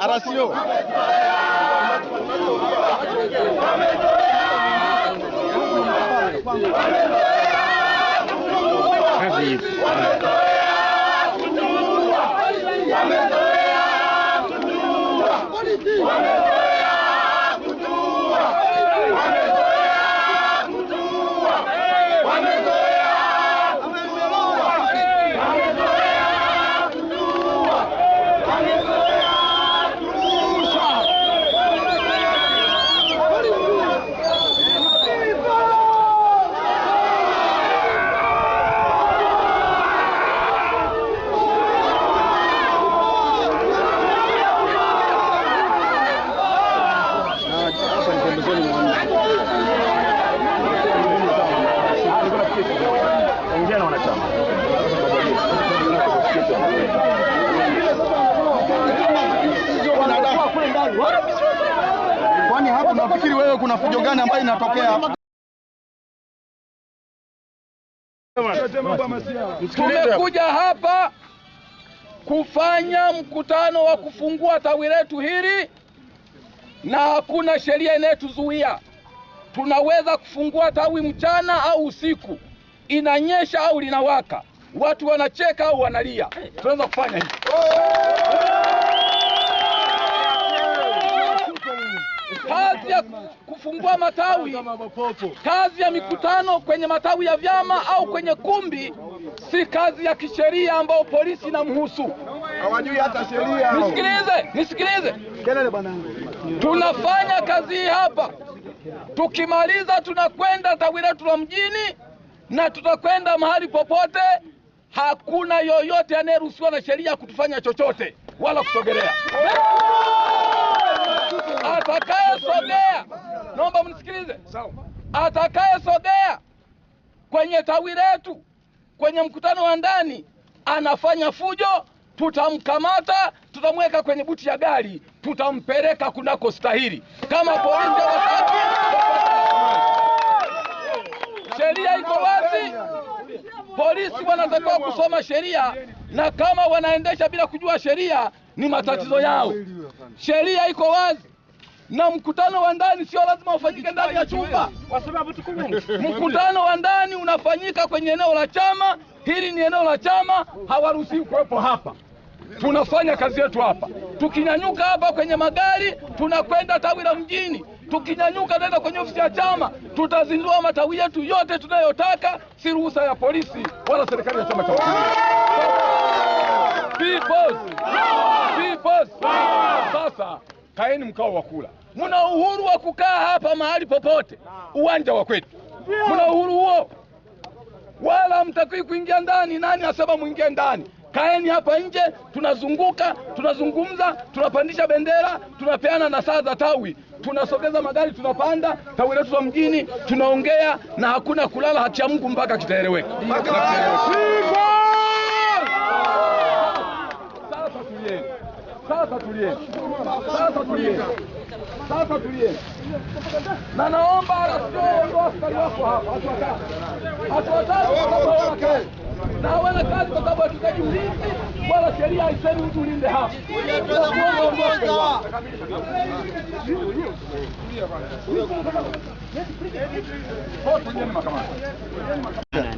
Arasio. Kazi. Moçambique! Tumekuja hapa kufanya mkutano wa kufungua tawi letu hili, na hakuna sheria inayotuzuia. Tunaweza kufungua tawi mchana au usiku, inanyesha au linawaka, watu wanacheka au wanalia, tunaweza kufanya hivi. kazi ya kufungua matawi, kazi ya mikutano kwenye matawi ya vyama au kwenye kumbi, si kazi ya kisheria ambayo polisi inamhusu. Hawajui hata sheria. Nisikilize, nisikilize, tunafanya kazi hii hapa, tukimaliza tunakwenda tawi letu la mjini na tutakwenda mahali popote. Hakuna yoyote anayeruhusiwa na sheria kutufanya chochote wala kusogelea atakayesogea, naomba mnisikilize, atakayesogea kwenye tawi letu kwenye mkutano wa ndani anafanya fujo, tutamkamata, tutamweka kwenye buti ya gari, tutampeleka kunako stahili kama polisi watatu. Sheria iko wazi, polisi wanatakiwa kusoma sheria, na kama wanaendesha bila kujua sheria ni matatizo yao. Sheria iko wazi na mkutano wa ndani sio lazima ufanyike ndani ya chumba. Mkutano wa ndani unafanyika kwenye eneo la chama. Hili ni eneo la chama, hawaruhusiwi kuwepo hapa. Tunafanya kazi yetu hapa, tukinyanyuka hapa kwenye magari tunakwenda tawi la mjini, tukinyanyuka tena kwenye ofisi ya chama, tutazindua matawi yetu yote tunayotaka. Si ruhusa ya polisi wala serikali ya chama cha mapinduzi. Sasa kaeni mkao wa kula. Muna uhuru wa kukaa hapa mahali popote, uwanja wa kwetu, muna uhuru huo, wala mtakii kuingia ndani. Nani asema mwingie ndani? Kaeni hapa nje, tunazunguka, tunazungumza, tunapandisha bendera, tunapeana na saa za tawi, tunasogeza magari, tunapanda tawi letu za mjini, tunaongea na hakuna kulala. Hati ya Mungu mpaka kitaeleweka. Sasa tulie, sasa tulie, sasa tulie. na naomba askari wako hapa, hatuwataki kwa sababu hawana kazi na hawana kazi kwa sababu hatuhitaji ulinzi wala sheria haisemi mtu ulinde hapa.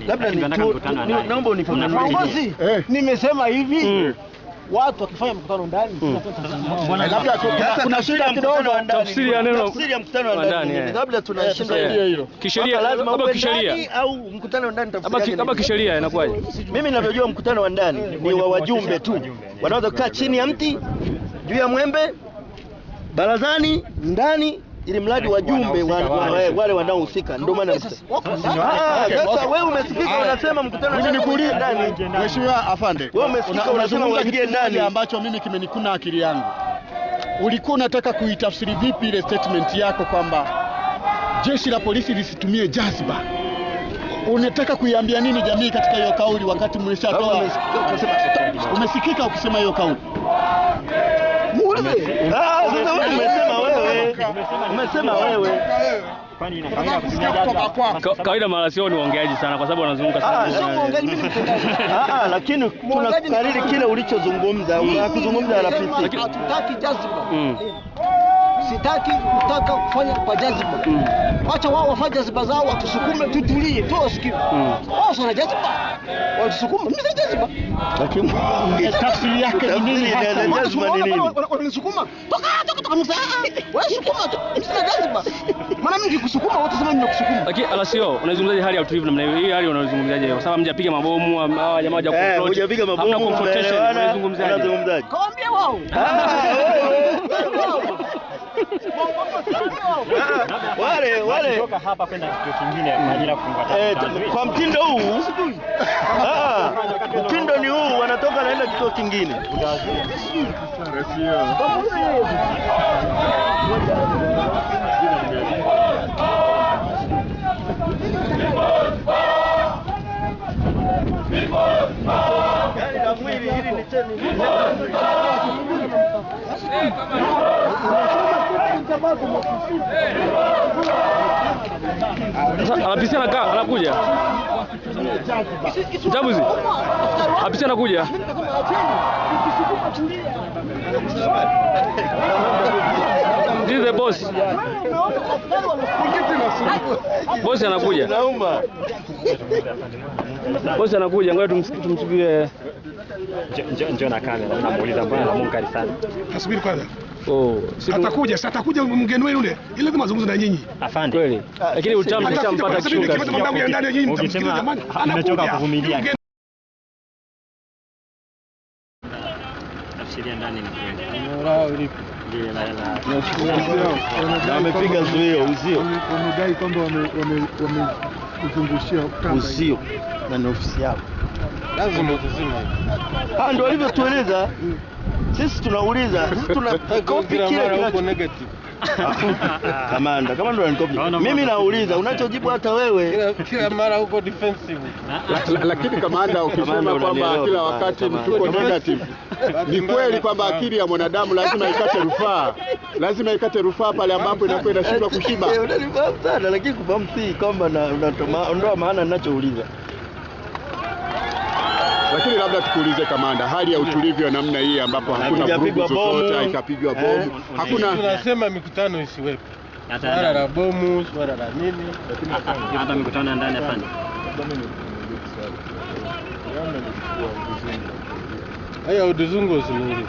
Labda naomba eh. nimesema hivi hmm watu wakifanya mkutano ndani, hmm. labda kuna yaani shida kidogo. Tafsiri ya neno tafsiri ya mkutano wa ndani, labda tunashinda eh, hiyo hilo kisheria, labda kisheria au mkutano wa ndani, tafsiri labda kisheria inakuwaje? Mimi ninavyojua mkutano wa ndani eh, ni wa wajumbe tu, wanaweza kukaa chini ya mti, juu ya mwembe, barazani, ndani ili mradi wajumbe wale wanaohusika, ndio maana sasa. Wewe umesikika unasema mkutano ndani. Mheshimiwa afande, wewe umesikika unasema uingie ndani, ambacho mimi kimenikuna akili yangu. Ulikuwa unataka kuitafsiri vipi ile statement yako kwamba jeshi la polisi lisitumie jaziba? Unataka kuiambia nini jamii katika hiyo kauli, wakati mmeshatoa? Umesikika ukisema hiyo kauli Umesema wewe kawaida marasio ni waongeaji sana, kwa sababu wanazunguka sana. Ah, sio muongeaji mimi, ah, ah, lakini tunakariri kile ulichozungumza, unakuzungumza rafiki, hatutaki jazba mm sitaki kutaka kufanya kwa jazba. Mm. Acha wao wafanye jazba zao, watusukume tutulie, tu tuwe Mm. Wao sana jazba. watusukume mimi sana jazba. Lakini tafsiri yake ni nini hasa? Jazba ni nini? Wananisukuma toka toka toka, ah, msa ah. wewe sukuma tu, mimi sana jazba. Maana mimi nikusukuma, watu sema nimekusukuma. Lakini alasio, unaizungumzaje hali ya utulivu namna hiyo? Hii hali unaizungumzaje? Kwa sababu mjapiga mabomu hawa jamaa hawaja confront. Eh, hujapiga mabomu, unaizungumzaje? Unaizungumzaje? Kaambia wao. Ah, wale wale hapa kwenda kituo kingine kwa ajili ya kufunga. Eh, kwa mtindo huu ah, mtindo ni huu, wanatoka naenda kituo kingine. Anapishana kaa, anakuja mchambuzi, anapishana anakuja ndize boss. bosi anakuja, Boss anakuja, ngoja tumsikie. Eh. Njoo na kamera, namuuliza mbona na munkari sana, asubiri kwanza. Oh, atakuja sasa, atakuja mgeni wenu yule, ile lazima azungumze na nyinyi. Afande kweli, lakini utamu ushampata shuka. Ukisema kuvumilia tafsiria ndani ni kweli zuio uzio, wamedai kwamba wamezungushia uzio na ni ofisi yao, lazima tuzima. Ah, ndio sisi tunauliza sisi tuna copy kile negative. Kamanda, kamanda anikopi. Mimi nauliza unachojibu hata wewe. Kila mara huko defensive. Ah, ah. Lakini kamanda, ukisema kwamba kila wakati mtuko negative. Ni kweli kwamba ah. akili ya mwanadamu lazima ikate rufaa. Lazima ikate rufaa pale ambapo inakuwa inashindwa kushiba. Eh, unanifahamu sana, lakini kufahamu si kwamba unatoa maana ninachouliza. Lakini labda tukuulize kamanda, hali ya utulivu ya namna hii ambapo hakuna vurugu zozote, ikapigwa eh, bomu, hakuna tunasema mikutano isiwepo, swala la bomu, swala la nini, hata mikutano ya ndani hapana. Haya uduzungu usimuulize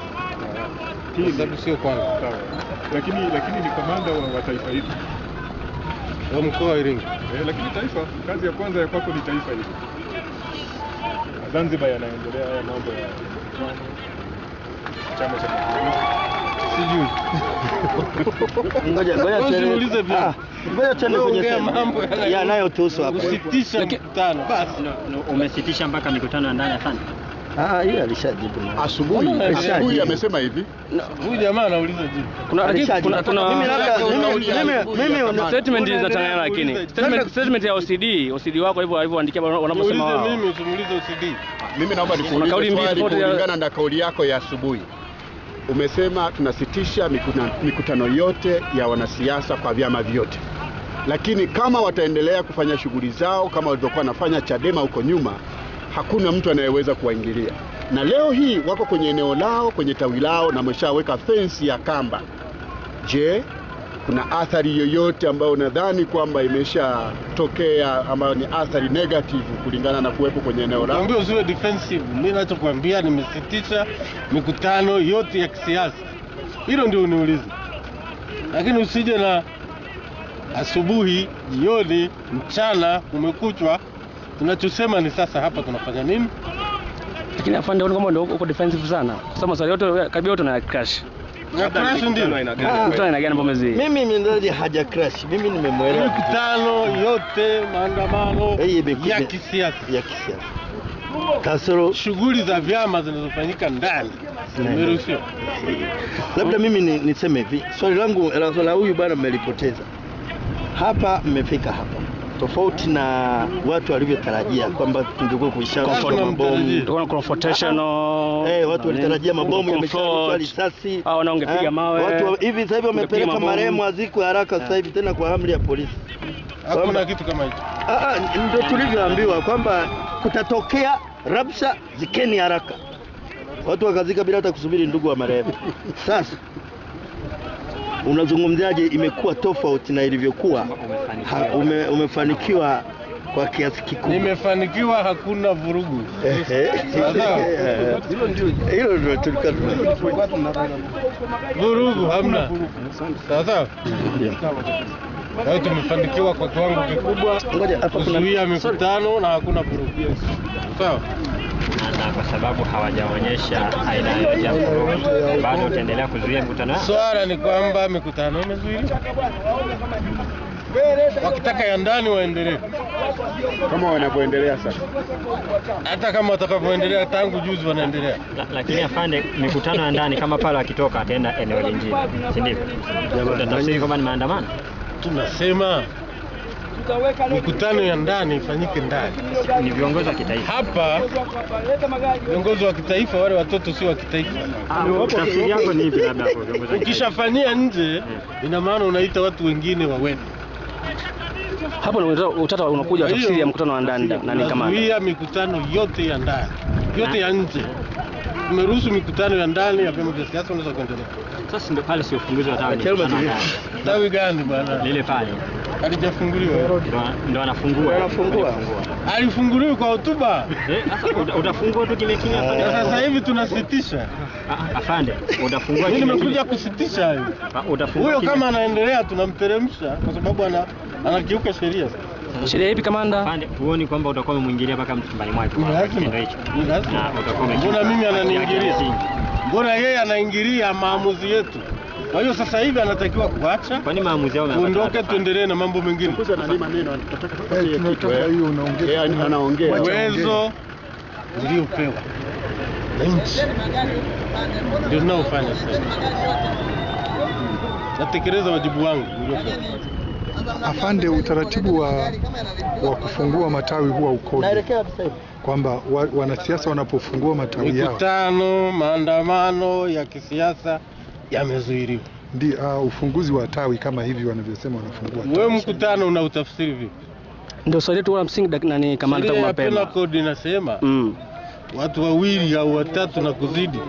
kwa sababu sio kwanza, lakini lakini ni kamanda wa taifa hili wa mkoa wa Iringa, eh, lakini taifa, kazi ya kwanza ya kwako ni taifa hili. Zanzibar yanaendelea haya mambo ya chama cha mapinduzi, ah, yanayotuhusu hapa. Umesitisha mpaka mikutano ya ndani sana. Ah, hiyo ah, alishajibu asubuhi. Asubuhi amesema hivi, huyu jamaa anauliza jibu. Kuna kuna kuna mimi labda mimi mimi statement za Tanzania, lakini statement statement ya OCD OCD wako hivyo hivyo andikia wanaposema wao. Mimi usimulize OCD. Mimi naomba nikuulize kulingana na kauli yako ya asubuhi umesema tunasitisha mikutano yote ya wanasiasa kwa vyama vyote, lakini kama wataendelea kufanya shughuli zao kama walivyokuwa wanafanya Chadema huko nyuma hakuna mtu anayeweza kuwaingilia, na leo hii wako kwenye eneo lao, kwenye tawi lao, na wameshaweka fensi ya kamba. Je, kuna athari yoyote ambayo unadhani kwamba imeshatokea ambayo ni athari negative kulingana na kuwepo kwenye eneo lao? Ndio zile defensive. Mimi ninachokuambia, nimesitisha mikutano yote ya kisiasa. Hilo ndio uniulize, lakini usije na asubuhi, jioni, mchana, umekuchwa Tunachosema ni sasa hapa tunafanya nini? Lakini afande kama ndio uko defensive sana. Sasa maswali yote karibia yote na crash. Ah. Mimi mimi haja crash. Mimi nimemwelewa. Mikutano yote maandamano eh, ya kisiasa. Ya kisiasa. Kasoro shughuli za vyama zinazofanyika ndani Nimeruhusiwa. Labda mimi ni, niseme hivi, swali langu la huyu bwana mmelipoteza hapa, mmefika hapa tofauti na watu walivyotarajia kwamba tungekuwa kuishakuna mabomu confrontational. Ah, eh, watu walitarajia mabomu yameshakuwa risasi au ah, ungepiga ah, mawe. Watu hivi sasa hivi wamepeleka marehemu azikwe haraka sasa hivi tena kwa amri ya polisi. Hakuna kitu kama hicho. Ah, ndio tulivyoambiwa kwamba kutatokea rabsha, zikeni haraka. Watu wakazika bila hata kusubiri ndugu wa marehemu. Sasa unazungumziaje, imekuwa tofauti na ilivyokuwa? Ume, umefanikiwa kwa kiasi kikubwa? Nimefanikiwa, hakuna vurugu. Hilo ndio tulikuwa vurugu, hamna. Sasa tumefanikiwa kwa kiwango kikubwa kuzuia mikutano na hakuna vurugu. Sawa na kwa sababu hawajaonyesha aina yoyote ya vurugu, bado utaendelea kuzuia mikutano. Swala ni kwamba mikutano imezuiliwa, wakitaka ya ndani waendelee kama wanavyoendelea sasa, hata kama watakapoendelea tangu juzi wanaendelea. lakini afande, mikutano ya ndani kama pale akitoka ataenda eneo lingine, si ndivyo? Tutatafsiri kwamba ni maandamano, tunasema mkutano ya ndani ifanyike ndani. Ni viongozi wa kitaifa hapa, viongozi wa kitaifa wale watoto si wa kitaifa. Ah, tafsiri yako ni ipi? Labda ukishafanyia nje, ina maana unaita watu wengine waweni hapo utata unakuja tafsiri ya mkutano wa ndani na ni kama hii mikutano yote ya ndani yote ya nje tumeruhusu mikutano ya ndani ya vyama vya siasa unaweza kuendelea. Sasa ndio pale sio ufunguzi wa tawi. Tawi gani bwana? Lile pale. Halijafunguliwa. Eh? Ndio anafungua. Anafungua. Alifunguliwa kwa hotuba. Eh, sasa utafungua tu kile kile afande. Sasa hivi tunasitisha. Afande, ah, ah, utafungua kile. Nimekuja kusitisha hayo. Ah, utafungua. Huyo kama anaendelea tunamteremsha kwa sababu ana anakiuka sheria. Sheria ipi kamanda? Afande, tuoni kwamba utakuwa umemwingilia mpaka mchumbani mwake. Mbona mimi ananiingilia? Mbona yeye anaingilia maamuzi yetu? Kwa hiyo sasa hivi anatakiwa kuacha, nini maamuzi yao tuondoke, tuendelee na mambo mengine. Eh. Uwezo uliopewa na nchi ndio tunaofanya sasa. Natekeleza wajibu wangu Afande, utaratibu wa, wa kufungua matawi huwa ukoje? Kwamba wanasiasa wanapofungua matawi yao, mikutano, maandamano ya kisiasa yamezuiliwa. Ndi, uh, ufunguzi wa tawi kama hivi wanavyosema wanafungua Wewe mkutano una utafsiri vipi? Ndio swali letu la msingi nani kama tangu mapema. Sheria code inasema mm. watu wawili au watatu na kuzidi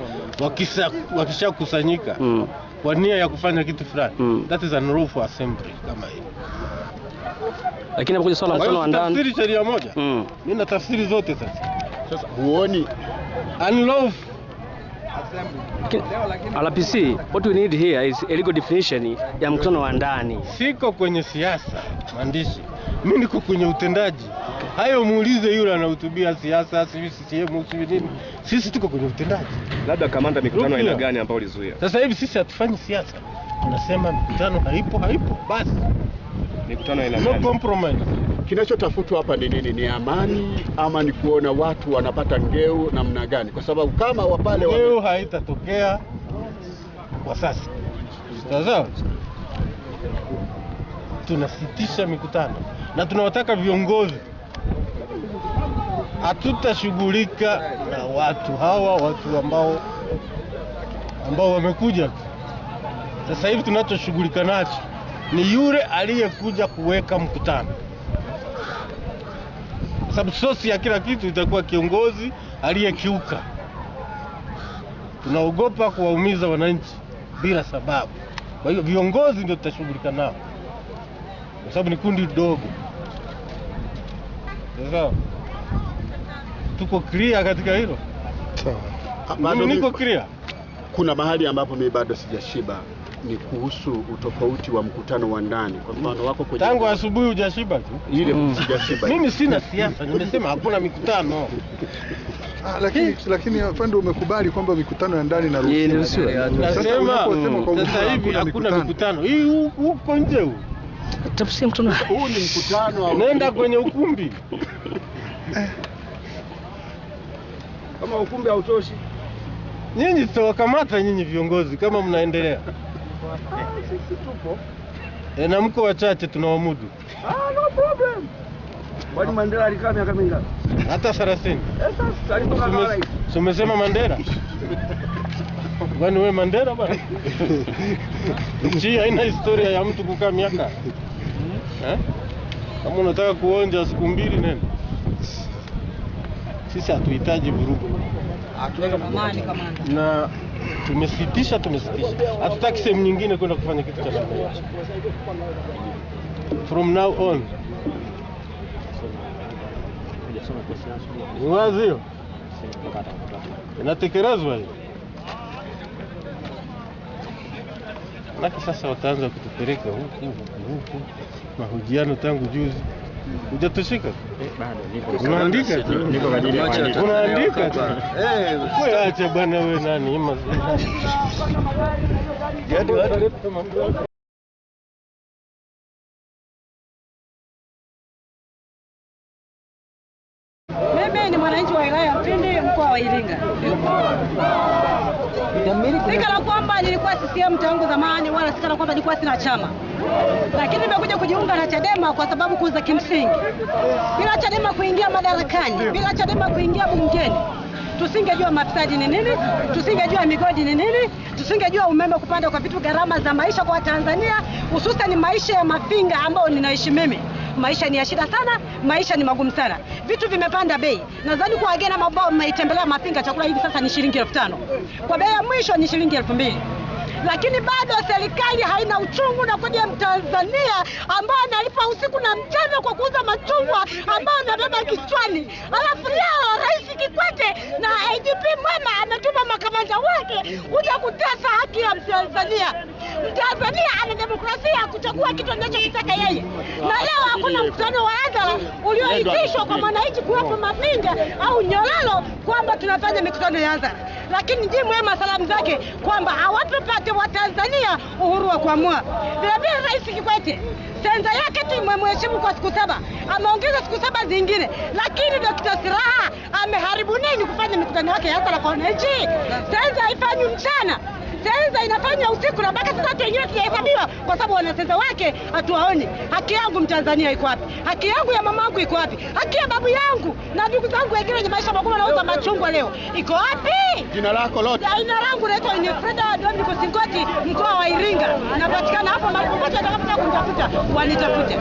wakishakusanyika wakisha mm. kwa nia ya kufanya kitu fulani mm. that is an unlawful assembly kama hiyo. Lakini hapo swala mfano wa ndani. Tafsiri sheria moja. Mm. Mimi na tafsiri zote sasa. Sasa huoni unlawful RPC, what we need here is a legal definition ya mkutano wa ndani. Siko kwenye siasa mwandishi, mimi niko kwenye utendaji. Hayo muulize yule anahutubia siasa, sisi CCM, sisi nini. Sisi tuko kwenye utendaji. Labda kamanda, mikutano aina gani ambayo ulizuia? Sasa hivi sisi hatufanyi siasa, tunasema mikutano haipo, haipo basi. Mikutano aina gani? No compromise. Kinachotafutwa hapa ni nini? Ni amani ama ni kuona watu wanapata ngeu namna gani? Kwa sababu kama wapale ngeu haitatokea kwa sasa. Sawa, tunasitisha mikutano na tunawataka viongozi, hatutashughulika na watu hawa, watu ambao ambao wamekuja sasa hivi. Tunachoshughulika nacho ni yule aliyekuja kuweka mkutano sababu sosi ya kila kitu itakuwa kiongozi aliyekiuka. Tunaogopa kuwaumiza wananchi bila sababu. Kwa hiyo viongozi ndio tutashughulika nao, kwa sababu ni kundi dogo. Sasa tuko clear katika hilo, mimi niko clear. Kuna mahali ambapo mimi bado sijashiba ni kuhusu utofauti wa mkutano wa ndani. Kwa mfano wako kwenye tangu asubuhi hujashiba tu ile hujashiba. Mm. mimi sina siasa, nimesema hakuna mikutano Ah, lakini lakini afande umekubali kwamba mikutano ya ndani inaruhusiwa. Nasema mm. sasa hivi hakuna mikutano hii huko nje huu. Tafsiri mkutano. Huu ni mkutano. Nenda kwenye ukumbi. Kama ukumbi hautoshi. Nyinyi tutawakamata nyinyi viongozi kama mnaendelea sisi tupo e, na mko wachache tunawamudu. Ah, no problem. Kwani Mandela alikaa miaka mingapi? Hata 30. Eh, sasa alitoka umesema Mandela? Kwani wewe Mandela bwana? Nchi haina historia ya mtu kukaa miaka eh? Kama unataka kuonja siku mbili nene, sisi hatuhitaji vurugu na Tumesitisha, tumesitisha, hatutaki sehemu nyingine kwenda kufanya kitu cha namna from now on. Ni wazi hiyo, inatekelezwa hiyo. Manake sasa wataanza kutupeleka huku huku huku, mahojiano tangu juzi Hujatushika? Unaandika tu. Unaandika tu. acha bwana wewe nani? la kwamba nilikuwa CCM tangu zamani, wala sikana kwamba nilikuwa sina chama, lakini nimekuja kujiunga na Chadema kwa sababu kuu za kimsingi. Bila Chadema kuingia madarakani, bila Chadema kuingia bungeni tusingejua mafisadi ni nini, tusingejua migodi ni nini, tusingejua umeme kupanda kwa vitu, gharama za maisha kwa tanzania hususan maisha ya mafinga ambayo ninaishi mimi maisha ni ya shida sana, maisha ni magumu sana, vitu vimepanda bei. Nadhani kwa wageni ambao mmetembelea Mafinga, chakula hivi sasa ni shilingi elfu tano kwa bei ya mwisho ni shilingi elfu mbili lakini bado serikali haina uchungu na kwenye Mtanzania ambaye analipa usiku na mchana kwa kuuza machungwa ambayo anabeba kichwani. Alafu leo Rais Kikwete na IGP Mwema ametuma makamanda wake kuja kutesa haki ya Mtanzania. Mtanzania ana demokrasia ya kuchagua kitu anachokitaka yeye, na leo hakuna mkutano wa hadhara ulioitishwa kwa mwananchi kuwapa mapinga au nyororo kwamba tunafanya mikutano ya hadhara, lakini ji Mwema salamu zake kwamba hawatopata Watanzania uhuru wa kuamua. Vilevile Rais Kikwete sensa yake tu imemheshimu kwa siku saba, ameongeza siku saba zingine, lakini Dokta Siraha ameharibu nini kufanya mikutano yake ya hadhara kwa wananchi? Sensa haifanywi mchana sensa inafanywa usiku na mpaka sasa watu wenyewe tunahesabiwa, kwa sababu wanasensa wake hatuwaoni. Haki yangu Mtanzania iko wapi? Haki yangu ya mamangu iko wapi? Haki ya babu yangu na ndugu zangu wengine wenye maisha magumu wanauza machungwa leo iko wapi? Jina lako lote? Jina langu naitwa Inefreda Dominico Singoti, mkoa wa Iringa, napatikana hapo. Mahali popote atakapokuja kunitafuta wanitafute.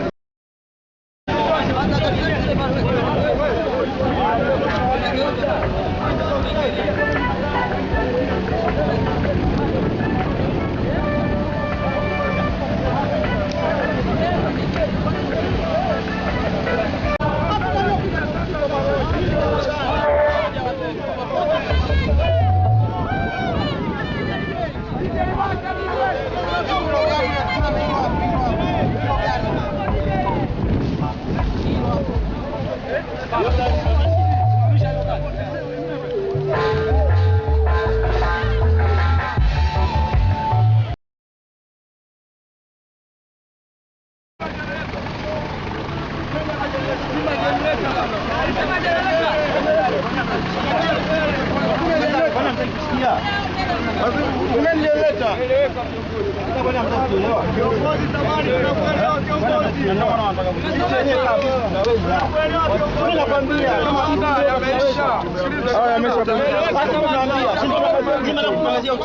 tunaangazia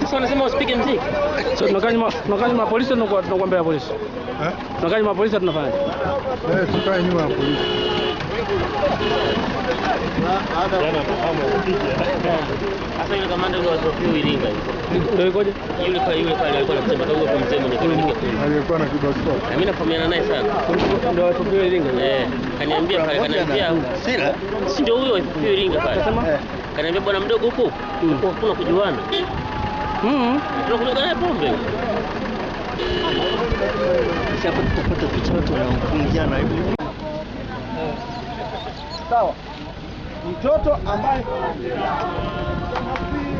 Sasa wanasema usipige mziki. tunakaa nyuma, tunakaa polisi tunakuambia polisi. Tunakaa nyuma polisi tunafanya. Eh, tukae nyuma ya polisi. Sasa yule kamanda yule wa Sofia Ilinga. Ndio ikoje? Yule pale yule pale alikuwa anasema kama kwa mzee mwenye kipindi kile. Alikuwa na kibasko. Na mimi nafahamiana naye sana. Ndio wa Sofia Ilinga. Eh, kaniambia pale kaniambia sila. Si ndio huyo wa Sofia Ilinga pale. Eh. Kaniambia bwana mdogo huko. Hmm. Huko kuna kujuana. Mhm. Tunakunywa pombe hapa tutapata picha watu wanaofungiana hivi. Sawa. Mtoto ambaye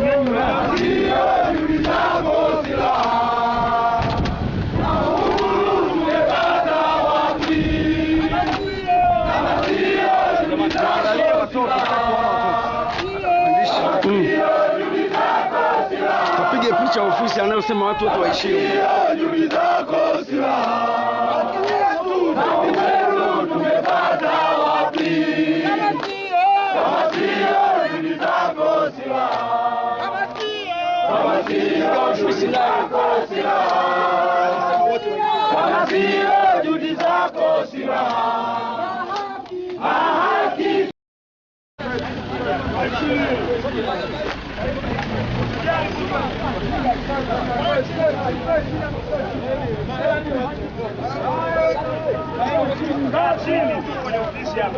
ndio ndio ndio wanaosema watu wote waishio Dá time! Olha o oficial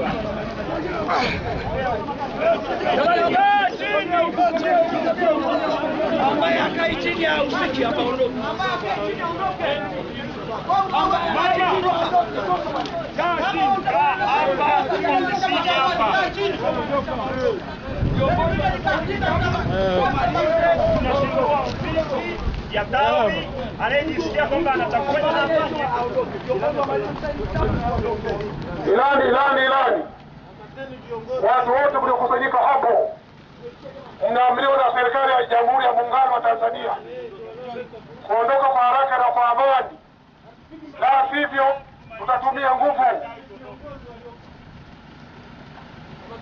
Amaya kai chini ya usiki hapa ondoka. Amaya kai chini aondoke. Amaya chini aondoke. Kaa chini. Kaa hapa. Kaa chini hapa. ya dawi anayejisikia kwamba anatakwenda nafasi aondoke. Ilani, ilani, ilani. Watu wote mliokusanyika hapo mnaamriwa na serikali ya Jamhuri ya Muungano wa Tanzania kuondoka kwa haraka na kwa amani, na sivyo tutatumia nguvu.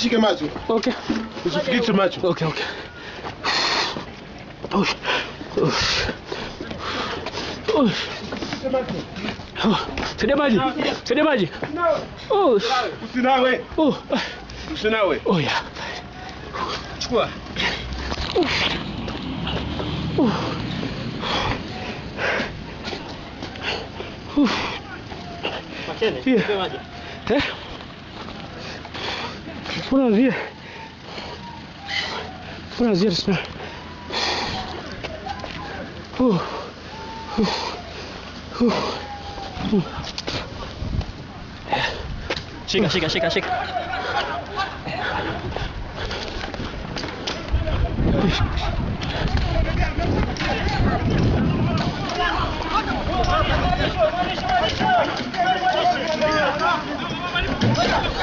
Shike macho. Okay. Usifikishe macho. Okay, okay. Push. Push. Push. Saidia maji. Saidia maji. No. Usinawe. Oh. Usinawe. Oh yeah. Chukua. Uh. Uh. Machene. Yeah. Eh? Franzir. Franzir, senhor. Uh, uh, uh, chega, chega, chega, chega. Thank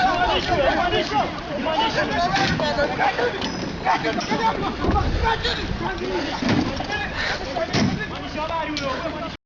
Manish,